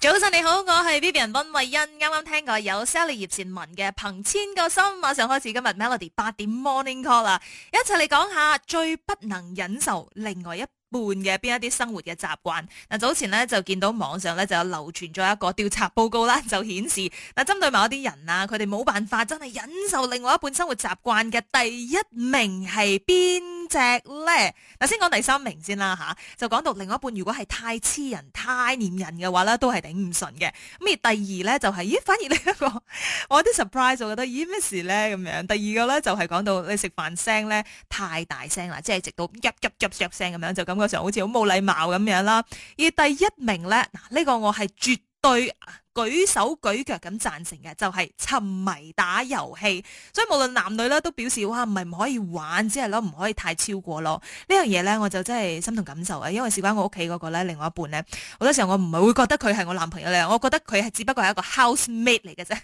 早晨你好，我係 Vivian 溫慧欣，啱啱聽過有 Sally 葉倩文嘅《憑千個心》，馬上開始今日 Melody 八點 Morning Call 啦，一齊嚟講下最不能忍受另外一半嘅邊一啲生活嘅習慣。嗱，早前呢，就見到網上呢，就有流傳咗一個調查報告啦，就顯示嗱針對某一啲人啊，佢哋冇辦法真係忍受另外一半生活習慣嘅第一名係邊？只咧，嗱先講第三名先啦吓，就講到另外一半如果係太黐人、太黏人嘅話咧，都係頂唔順嘅。咁而第二咧就係、是，咦，反而另、這、一個，我啲 surprise 就覺得，咦咩事咧咁樣？第二個咧就係、是、講到你食飯聲咧太大聲啦，即係直到噏噏噏噏聲咁樣，就感覺上好似好冇禮貌咁樣啦。而第一名咧，嗱、這、呢個我係絕對。舉手舉腳咁贊成嘅就係、是、沉迷打遊戲，所以無論男女咧都表示哇唔係唔可以玩，只係咯唔可以太超過咯呢樣嘢咧我就真係心同感受啊！因為事關我屋企嗰個咧，另外一半咧好多時候我唔係會覺得佢係我男朋友咧，我覺得佢係只不過係一個 housemate 嚟嘅啫，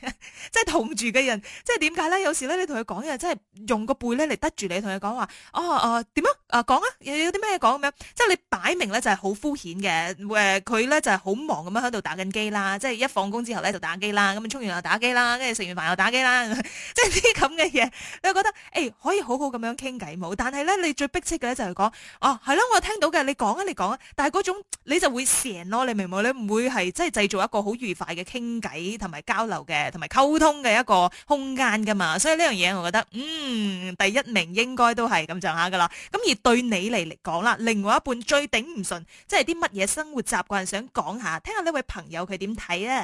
即係 同住嘅人，即係點解咧？有時咧你同佢講嘢，即係用個背咧嚟得住你，同佢講話哦哦點啊啊講啊有啲咩講咁樣，即、啊、係你擺明咧就係好敷衍嘅誒，佢、呃、咧就係、是、好忙咁樣喺度打緊機啦，即係一房。放工之後咧就打機啦，咁啊沖完又打機啦，跟住食完飯又打機啦，即係啲咁嘅嘢。你又覺得誒、欸、可以好好咁樣傾偈冇？但係咧你最逼迫嘅咧就係講，哦係咯，我聽到嘅，你講啊，你講啊。但係嗰種你就會成咯，你明唔明？你唔會係即係製造一個好愉快嘅傾偈同埋交流嘅同埋溝通嘅一個空間噶嘛？所以呢樣嘢我覺得嗯第一名應該都係咁上下噶啦。咁而對你嚟講啦，另外一半最頂唔順即係啲乜嘢生活習慣，想講下，聽下呢位朋友佢點睇呢？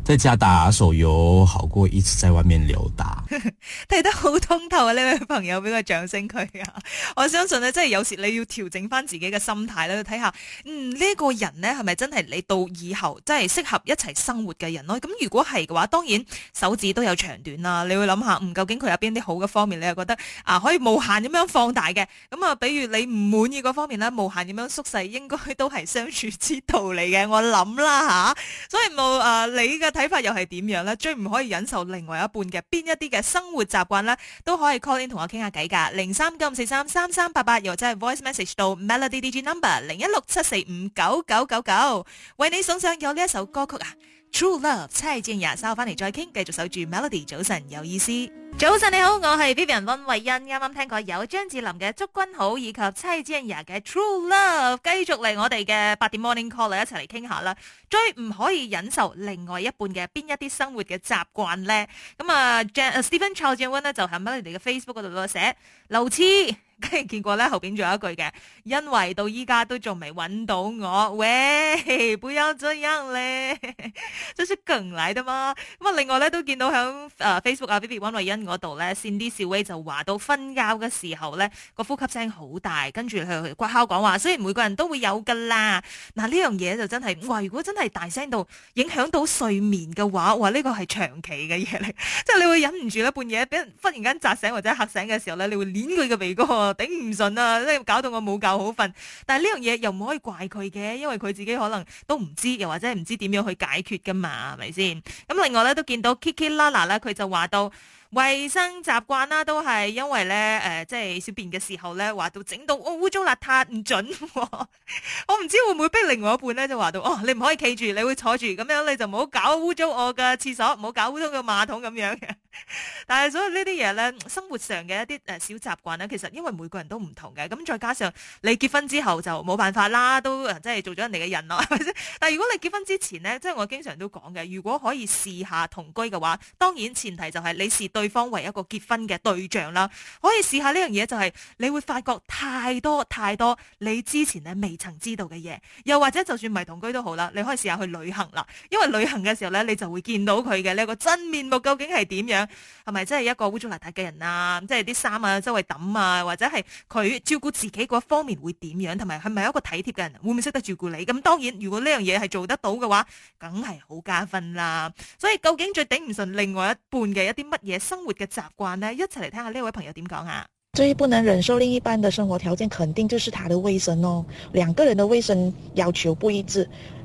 在家打手遊好過一直在外面溜達，睇 得好通透啊！呢位朋友俾個掌聲佢啊！ 我相信咧即係有時你要調整翻自己嘅心態咧。睇下，嗯呢、這個人咧係咪真係你到以後真係適合一齊生活嘅人咯？咁如果係嘅話，當然手指都有長短啦、啊。你會諗下，唔、嗯、究竟佢有邊啲好嘅方面，你又覺得啊可以無限咁樣放大嘅？咁啊，比如你唔滿意嗰方面咧，無限咁樣縮細，應該都係相處之道嚟嘅。我諗啦吓、啊，所以冇啊你嘅睇法又係點樣咧？最唔可以忍受另外一半嘅邊一啲嘅生活習慣咧，都可以 call in 同我傾下偈㗎。零三九五四三三三八八，又或者 voice message 到 Melody digit number 零一六七四五九九九九，為你送上有呢一首歌曲啊。True Love，妻子稍後翻嚟再傾，繼續守住 Melody。早晨有意思，早晨你好，我係 Vivian 温慧欣。啱啱聽過有張智霖嘅祝君好，以及妻子日嘅 True Love，繼續嚟我哋嘅八點 Morning Call 嚟一齊嚟傾下啦。最唔可以忍受另外一半嘅邊一啲生活嘅習慣咧？咁啊、uh,，Stephen Chow 呢就 John 咧就喺我哋嘅 Facebook 嗰度寫流痴。跟住見過咧，後邊仲有一句嘅，因為到依家都仲未揾到我，喂，不要這樣咧，真係梗嚟得嘛。咁啊，另外咧都見到喺啊、呃、Facebook 啊 B B 温慧欣嗰度咧，Cindy 小威就話到瞓覺嘅時候咧，個呼吸聲好大，跟住佢掛考講話，雖然每個人都會有噶啦，嗱呢樣嘢就真係，哇！如果真係大聲到影響到睡眠嘅話，哇！呢個係長期嘅嘢嚟，即係你會忍唔住咧半夜俾人忽然間紮醒或者嚇醒嘅時候咧，你會捏佢嘅鼻哥頂唔順啊，即係搞到我冇覺好瞓。但係呢樣嘢又唔可以怪佢嘅，因為佢自己可能都唔知，又或者唔知點樣去解決㗎嘛，係咪先？咁另外咧都見到，Kiki Lala 咧，佢就話到。衛生習慣啦，都係因為咧，誒、呃，即係小便嘅時候咧，話到整到哦，污糟邋遢唔准。我唔知會唔會逼另外一半咧，就話到哦，你唔可以企住，你會坐住，咁樣你就唔好搞污糟我嘅廁所，唔好搞污糟個馬桶咁樣嘅。但係所以這些東西呢啲嘢咧，生活上嘅一啲誒小習慣咧，其實因為每個人都唔同嘅，咁再加上你結婚之後就冇辦法啦，都即係做咗人哋嘅人咯，係咪先？但係如果你結婚之前咧，即係我經常都講嘅，如果可以試下同居嘅話，當然前提就係你試對方為一個結婚嘅對象啦，可以試下呢樣嘢就係你會發覺太多太多你之前咧未曾知道嘅嘢。又或者就算唔係同居都好啦，你可以試下去旅行啦，因為旅行嘅時候咧，你就會見到佢嘅呢個真面目究竟係點樣，係咪真係一個污糟邋遢嘅人啊？即係啲衫啊周圍揼啊，或者係佢照顧自己嗰方面會點樣，同埋係咪一個體貼嘅人，會唔會識得照顧你？咁當然如果呢樣嘢係做得到嘅話，梗係好加分啦。所以究竟最頂唔順另外一半嘅一啲乜嘢？生活嘅習慣呢，一起嚟看下呢位朋友點講啊！最不能忍受另一半的生活條件，肯定就是他的衛生囉。兩個人的衛生要求不一致。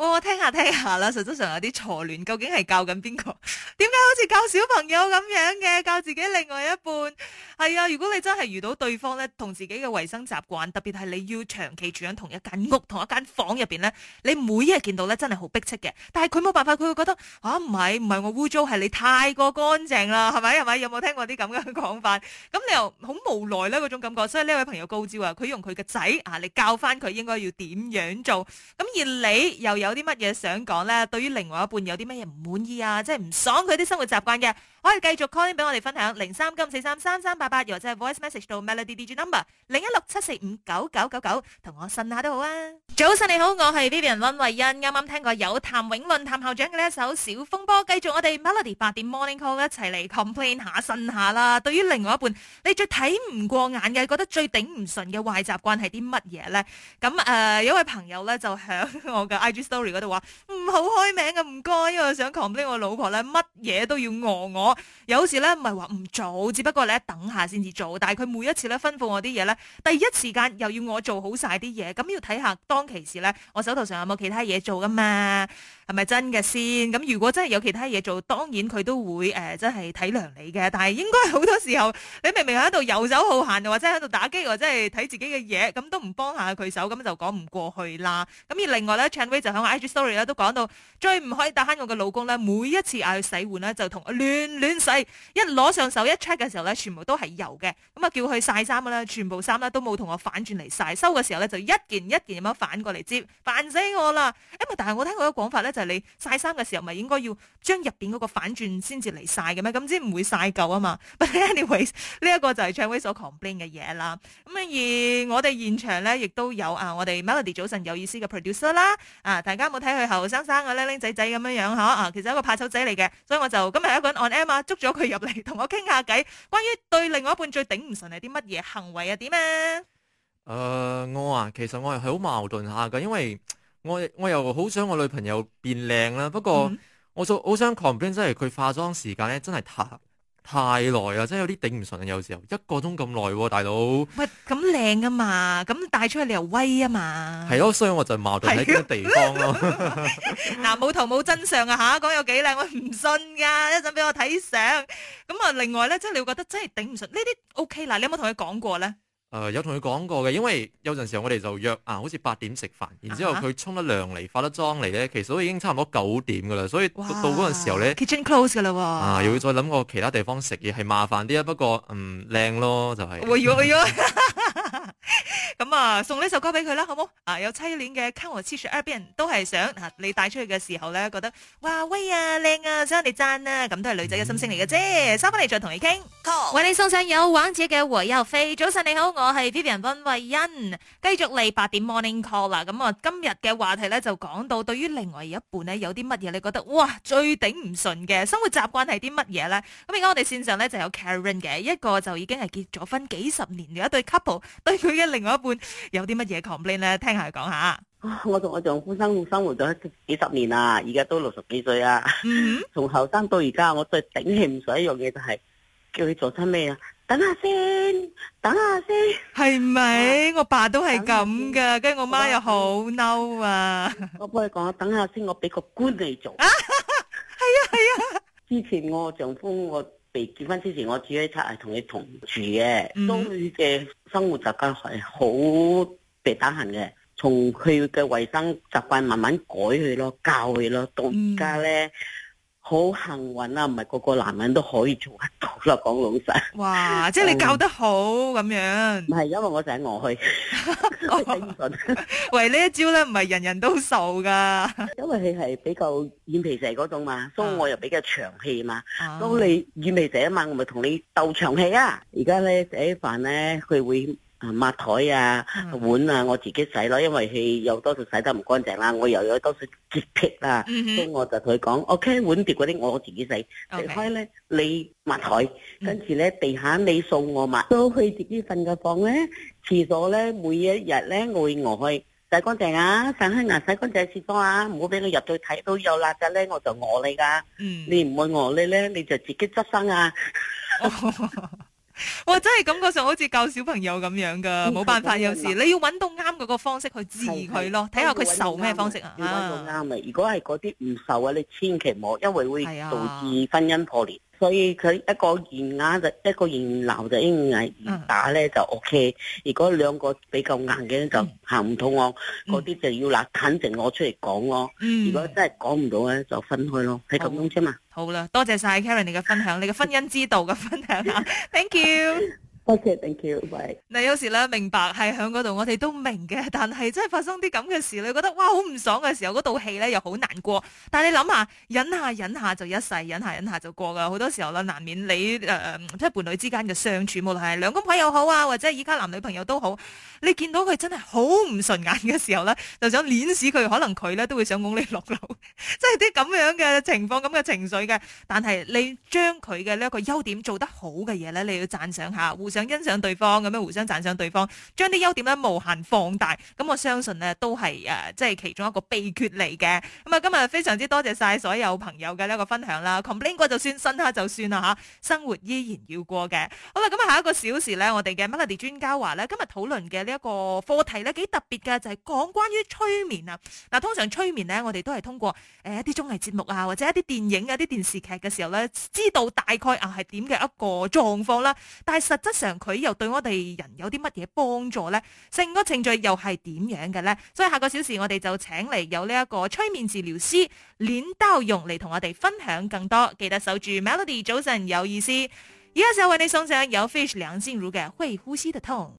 我、哦、聽下聽下啦，實質上有啲錯亂，究竟係教緊邊個？點解好似教小朋友咁樣嘅？教自己另外一半係啊？如果你真係遇到對方咧，同自己嘅衛生習慣，特別係你要長期住喺同一間屋、同一間房入邊咧，你每日見到咧，真係好逼切嘅。但係佢冇辦法，佢會覺得啊，唔係唔係我污糟，係你太過乾淨啦，係咪？係咪？有冇聽過啲咁嘅講法？咁你又好無奈咧嗰種感覺。所以呢位朋友高招啊，佢用佢個仔啊，你教翻佢應該要點樣做。咁而你又有。有啲乜嘢想講咧？對於另外一半有啲乜嘢唔滿意啊？即係唔爽佢啲生活習慣嘅。可以繼續 call 俾我哋分享零三五四三三三八八，又或者 voice message 到 melody D J number 零一六七四五九九九九，同我呻下都好啊。早晨你好，我係 Vivian 温慧欣，啱啱聽過有譚詠麟、譚校長嘅呢一首小風波，繼續我哋 melody 八點 morning call 一齊嚟 complain 下，呻下啦。對於另外一半，你最睇唔過眼嘅，覺得最頂唔順嘅壞習慣係啲乜嘢咧？咁誒，有、呃、位朋友咧就響我嘅 I G story 嗰度話唔好開名啊，唔該，因為想 complain 我老婆咧，乜嘢都要餓、呃、我、呃。有時咧唔係話唔做，只不過呢，等下先至做。但係佢每一次咧吩咐我啲嘢咧，第一時間又要我做好晒啲嘢，咁要睇下當其時咧，我手頭上有冇其他嘢做㗎嘛？係咪真嘅先？咁如果真係有其他嘢做，當然佢都會誒、呃、真係體諒你嘅。但係應該好多時候，你明明喺度游手好閒，又或者喺度打機，或者係睇自己嘅嘢，咁都唔幫下佢手，咁就講唔過去啦。咁而另外咧，Chen Wei 就喺 I G Story 呢都講到最唔可以打我嘅老公咧，每一次嗌佢洗碗咧，就同亂亂曬一攞上手一 check 嘅時候咧，全部都係油嘅。咁啊叫佢曬衫啦，全部衫咧都冇同我反轉嚟晒。收嘅時候咧就一件一件咁反過嚟接，煩死我啦！咁啊但係我聽過嘅講法咧，就係你晒衫嘅時候咪應該要將入邊嗰個反轉先至嚟晒嘅咩？咁先唔會晒夠啊嘛。But anyways 呢一個就係唱威所 complain 嘅嘢啦。咁啊而我哋現場咧亦都有啊，我哋 Melody 早晨有意思嘅 producer 啦。啊大家有冇睇佢後生生嘅靚靚仔仔咁樣樣呵啊？其實係一個怕醜仔嚟嘅，所以我就今日一個人按。捉咗佢入嚟同我傾下偈，關於對另外一半最頂唔順係啲乜嘢行為啊？點啊？誒、呃，我啊，其實我係好矛盾下噶，因為我我又好想我女朋友變靚啦，不過我就好想狂扁，即係真係佢化妝時間咧，真係太～太耐啊，真係有啲頂唔順啊！有時候一個鐘咁耐，大佬。喂，咁靚啊嘛，咁帶出去你又威啊嘛。係咯，所以我就矛盾喺幾個地方咯。嗱，冇圖冇真相啊，吓，講有幾靚，我唔信噶。一陣俾我睇相，咁啊，另外咧，即係你會覺得真係頂唔順呢啲？OK，嗱，你有冇同佢講過咧？誒、呃，有同佢講過嘅，因為有陣時候我哋就約啊，好似八點食飯，然之後佢沖咗涼嚟，化咗妝嚟咧，其實都已經差唔多九點噶啦，所以到嗰陣哇時候咧，kitchen close 噶啦、哦，啊，又要再諗過其他地方食嘢，係麻煩啲啊，不過嗯，靚咯，就係、是，咁啊，送呢首歌俾佢啦，好冇？啊，有妻戀嘅 couple T-shirt，邊人都係想你帶出去嘅時候咧，覺得哇，喂啊，靚啊，想你哋讚啊，咁都係女仔嘅心聲嚟嘅啫，收翻嚟再同你傾。為你送上有玩者嘅和又飛，早晨你好，我係 Vivian 溫慧欣，繼續嚟八點 morning call 啦。咁啊，今日嘅話題咧就講到對於另外一半咧有啲乜嘢，你覺得哇最頂唔順嘅生活習慣係啲乜嘢咧？咁而家我哋線上咧就有 Karen 嘅，一個就已經係結咗婚了幾十年嘅一對 couple，對佢嘅另外一半有啲乜嘢 complain 咧？聽下佢講下。我同我丈夫生活生活咗幾十年啦，而家都六十幾歲啦。嗯、mm，從後生到而家，我最頂唔順一樣嘢就係。叫佢做餐咩啊？等下先，等下先，係咪？我爸都係咁噶，跟住我媽又好嬲啊！我幫 你講，等下先，我俾個官你做。係啊係啊！是啊是啊，之前我丈夫我未結婚之前，我住喺一齊係同佢同住嘅，所以嘅生活習慣係好被打心嘅。從佢嘅衛生習慣慢慢改佢咯，教佢咯，到而家咧。嗯好幸運啊，唔係個個男人都可以做得到啦，講老實。哇！即係你教得好咁、嗯、樣。唔係因為我就係我去、 哦，喂，呢一招咧，唔係人人都受㗎。因為佢係比較軟皮蛇嗰種嘛，所以我又比較長氣嘛。咁、啊、你軟皮蛇啊嘛，我咪同你鬥長氣啊！而家咧食啲飯咧，佢會，抹台啊，碗啊，我自己洗咯，因為佢有多數洗得唔乾淨啦，我又有多少潔癖啦，所以我就同佢講，OK，碗碟嗰啲我自己洗，食開咧你抹台，跟住咧地下你掃我抹，都去自己瞓嘅房咧，廁所咧，每一日咧，我會我佢，洗乾淨啊，上香牙，洗乾淨廁所啊，唔好俾佢入去睇到有邋遢咧，我就餓你噶，你唔會餓你咧，你就自己執生啊。我真係感覺上好似教小朋友咁樣噶，冇辦法，有事，有時、哦、你要揾到啱嗰個方式去治佢咯，睇下佢受咩方式啊。啊，揾到啱咪，如果係嗰啲唔受嘅，你千祈唔好，因為會導致婚姻破裂。所以佢一個言硬就一個言流、啊、就應硬而打咧就 O、OK、K，如果兩個比較硬嘅就行唔通喎、啊，嗰啲、嗯、就要攞坦淨攞出嚟講喎、啊。嗯、如果真係講唔到咧就分開咯，係咁的樣啫嘛。好啦，多謝晒 Karen 你嘅分享， 你嘅婚姻之道嘅分享啊 ，Thank you。O、okay, K，thank you，喂。y 嗱，有時咧明白係響嗰度，我哋都明嘅，但係真係發生啲咁嘅事你覺得哇好唔爽嘅時候，嗰套戲咧又好難過。但係你諗下，忍下忍下就一世，忍下忍下就過噶。好多時候啦，難免你誒，即、呃、係、就是、伴侶之間嘅相處，無論係兩公婆又好啊，或者而家男女朋友都好，你見到佢真係好唔順眼嘅時候咧，就想碾死佢，可能佢咧都會想講你落樓，即係啲咁樣嘅情況、咁嘅情緒嘅。但係你將佢嘅呢一個優點做得好嘅嘢咧，你要讚賞下，欣賞對方，咁樣互相讚賞對方，將啲優點咧無限放大。咁我相信呢都係誒、即、啊、係其中一個秘訣嚟嘅。咁啊，今日非常之多謝晒所有朋友嘅呢個分享啦。complain 過就算，辛苦就算啦吓、啊，生活依然要過嘅。好啦，咁啊，下一個小時咧，我哋嘅乜嘢專家話咧，今日討論嘅呢一個課題咧，幾特別嘅就係、是、講關於催眠啊。嗱，通常催眠呢，我哋都係通過誒一啲綜藝節目啊，或者一啲電影啊，啲電、電視劇嘅時候咧，知道大概啊係點嘅一個狀況啦。但係實質上，佢又對我哋人有啲乜嘢幫助呢？成個程序又係點樣嘅呢？所以下個小時我哋就請嚟有呢一個催眠治療師林兜勇嚟同我哋分享更多。記得守住 Melody 早晨有意思，而家就為你送上有 Fish 梁靜茹嘅會呼吸的痛。